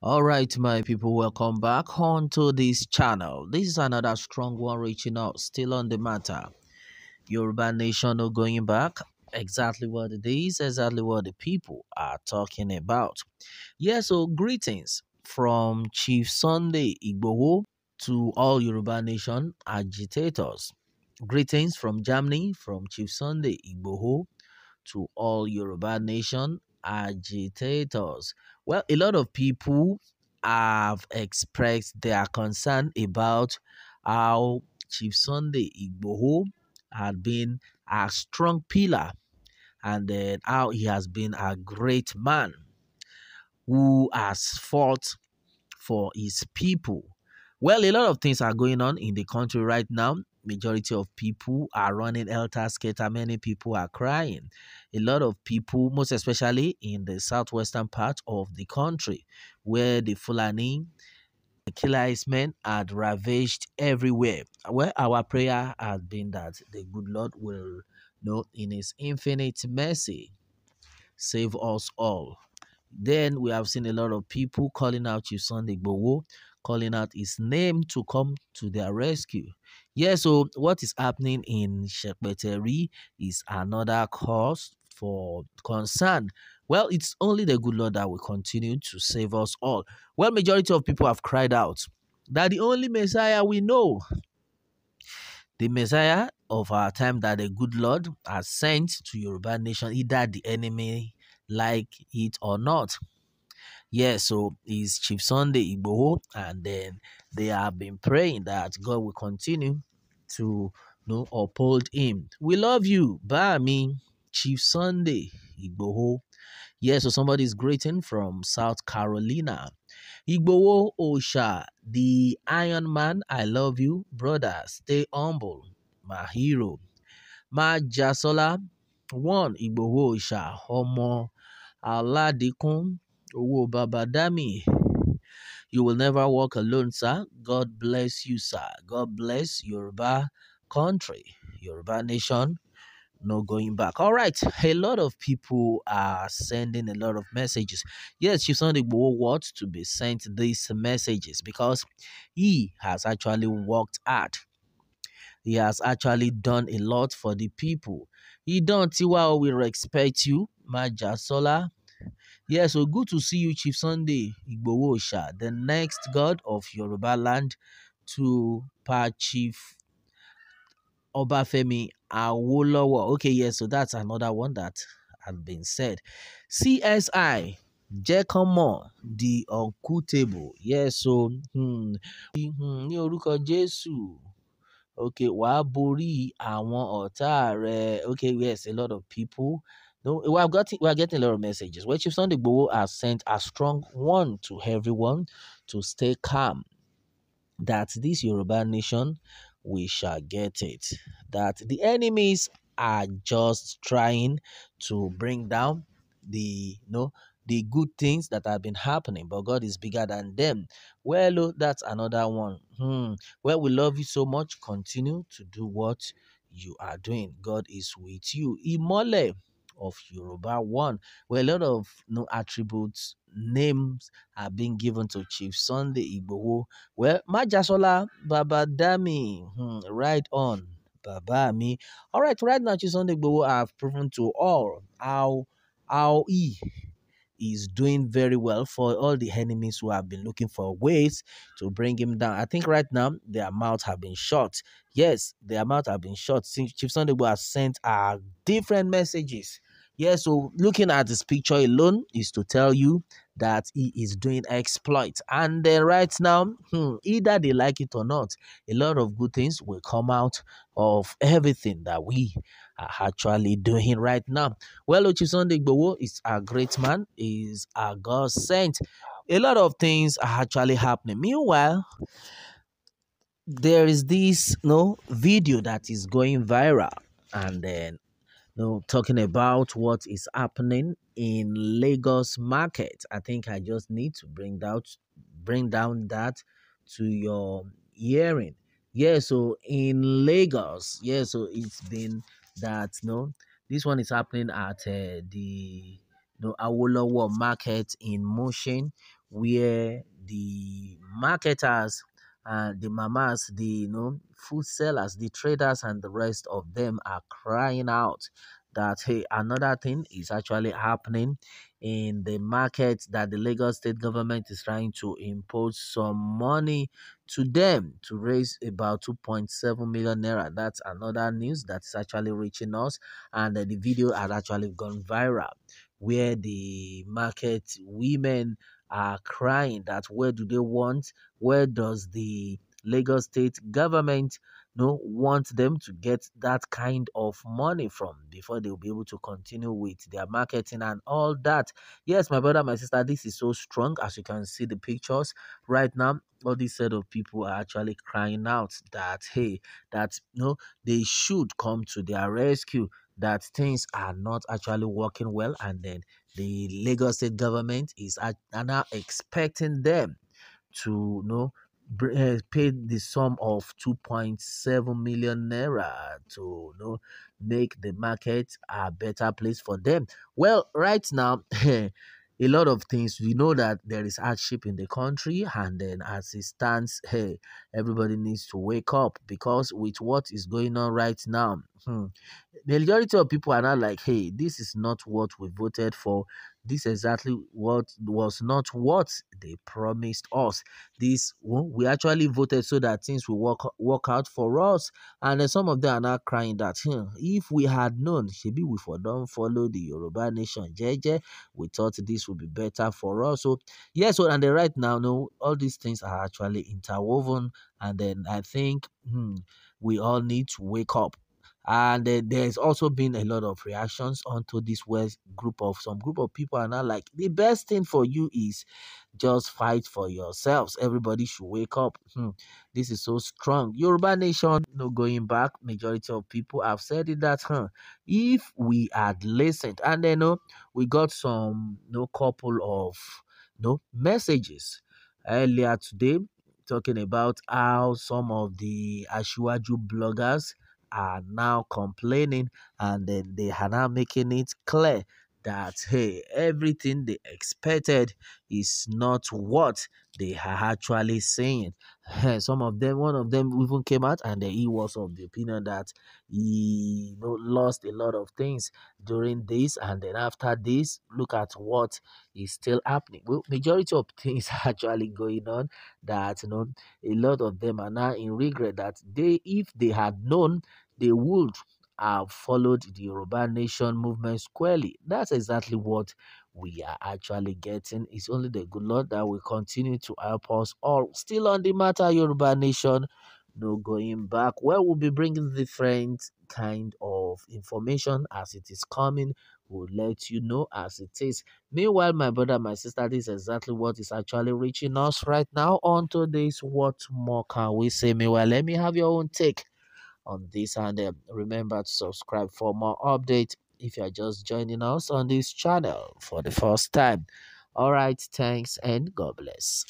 all right my people welcome back onto this channel this is another strong one reaching out still on the matter yoruba nation no going back exactly what it is exactly what the people are talking about yeah so greetings from chief sunday igboho to all yoruba nation agitators Greetings from Germany, from Chief Sunday Igboho to all Yoruba Nation agitators. Well, a lot of people have expressed their concern about how Chief Sunday Igboho had been a strong pillar and then how he has been a great man who has fought for his people. Well, a lot of things are going on in the country right now, majority of people are running helter skelter. Many people are crying. A lot of people, most especially in the southwestern part of the country, where the Fulani the killer men had ravaged everywhere. Well, our prayer has been that the good Lord will, know, in His infinite mercy, save us all. Then we have seen a lot of people calling out Chief Sunday Bowo, calling out his name to come to their rescue. Yeah, so what is happening in Shepeteri is another cause for concern. Well, it's only the good Lord that will continue to save us all. Well, majority of people have cried out that the only Messiah we know, the Messiah of our time that the good Lord has sent to Yoruba nation, either the enemy like it or not. Yeah, so it's Chief Sunday Igboho, and then they have been praying that God will continue to you know, uphold him. We love you, Bami, Chief Sunday Igboho. Yeah, so somebody's greeting from South Carolina. Igboho Osha, the Iron Man, I love you, brother. Stay humble, my hero. Majasola, one Igboho Osha, Homo Aladikun Owobabadami. You will never walk alone, sir. God bless you, sir. God bless Yoruba country, Yoruba nation. No going back. All right. A lot of people are sending a lot of messages. Yes, you Sunday the what to be sent these messages because he has actually worked hard. He has actually done a lot for the people. He see why we respect you. Majasola. Yeah, so good to see you, Chief Sunday Igbowosha, the next god of Yoruba land to Pa Chief Obafemi Awolowo. Okay, yeah, so that's another one that has been said. CSI Jẹ́kánmọ̀ the uncountable. Yeah, so hmm, hmm, ní orúkọ Jésù. Okay, Waburi, I àwọn ọ̀tá Okay, yes, a lot of people no, we are getting we are getting a lot of messages. Well, Chief Sunday Bowo has sent a strong one to everyone to stay calm. That this Yoruba nation, we shall get it. That the enemies are just trying to bring down the you know the good things that have been happening, but God is bigger than them. Well, oh, that's another one. Hmm. Well, we love you so much. Continue to do what you are doing. God is with you. Imole of Yoruba one, where a lot of new attributes, names are being given to Chief Sunday Igboho. Well, Majasola Babadami, hmm, right on, Baba me. All right, right now Chief Sunday Igboho have proven to all how how he is doing very well for all the enemies who have been looking for ways to bring him down. I think right now their mouths have been shut. Yes, their mouths have been shut since Chief Sunday has sent uh, different messages yeah, so looking at this picture alone is to tell you that he is doing exploits. And then right now, hmm, either they like it or not, a lot of good things will come out of everything that we are actually doing right now. Well, Ochisunde Igbowo is a great man, is a God sent. A lot of things are actually happening. Meanwhile, there is this you no know, video that is going viral and then you know, talking about what is happening in Lagos market. I think I just need to bring out bring down that to your hearing. Yeah, so in Lagos, yeah, so it's been that you no, know, this one is happening at uh, the you know, Awolowo market in Motion, where the marketers and the mamas, the you know, food sellers, the traders, and the rest of them are crying out that hey, another thing is actually happening in the market that the Lagos state government is trying to impose some money to them to raise about 2.7 million naira. That's another news that's actually reaching us, and the video had actually gone viral where the market women are crying that where do they want, where does the Lagos state government you know, want them to get that kind of money from before they'll be able to continue with their marketing and all that. Yes, my brother, my sister, this is so strong as you can see the pictures right now. All these set of people are actually crying out that hey, that you no, know, they should come to their rescue that things are not actually working well, and then the Lagos state government is now expecting them to you know eh, pay the sum of 2.7 million naira to you know, make the market a better place for them. Well, right now, a lot of things we know that there is hardship in the country, and then as it stands, hey, everybody needs to wake up because with what is going on right now, Hmm. The majority of people are not like, hey, this is not what we voted for. This exactly what was not what they promised us. This we actually voted so that things will work work out for us. And then some of them are not crying that hmm, if we had known, maybe we for don't follow the Yoruba nation, JJ, we thought this would be better for us. So yes, yeah, so, and then right now, no, all these things are actually interwoven. And then I think hmm, we all need to wake up and uh, there's also been a lot of reactions onto this West group of some group of people are now like the best thing for you is just fight for yourselves. Everybody should wake up. Hmm. This is so strong. Yoruba nation, no going back. Majority of people have said it that huh, if we had listened, and then know, we got some you no know, couple of you no know, messages earlier today talking about how some of the Ashwaju bloggers are now complaining and they, they are now making it clear that hey, everything they expected is not what they are actually saying. Eh, some of them, one of them even came out and he was of the opinion that he lost a lot of things during this, and then after this, look at what is still happening. Well, majority of things actually going on that you know a lot of them are now in regret that they, if they had known, they would have followed the Yoruba nation movement squarely. That's exactly what we are actually getting. It's only the good Lord that will continue to help us all. Still on the matter, Yoruba nation, no going back. Well, we'll be bringing different kind of information as it is coming. We'll let you know as it is. Meanwhile, my brother, my sister, this is exactly what is actually reaching us right now on today's What More Can We Say? Meanwhile, let me have your own take on this and uh, remember to subscribe for more updates if you are just joining us on this channel for the first time all right thanks and god bless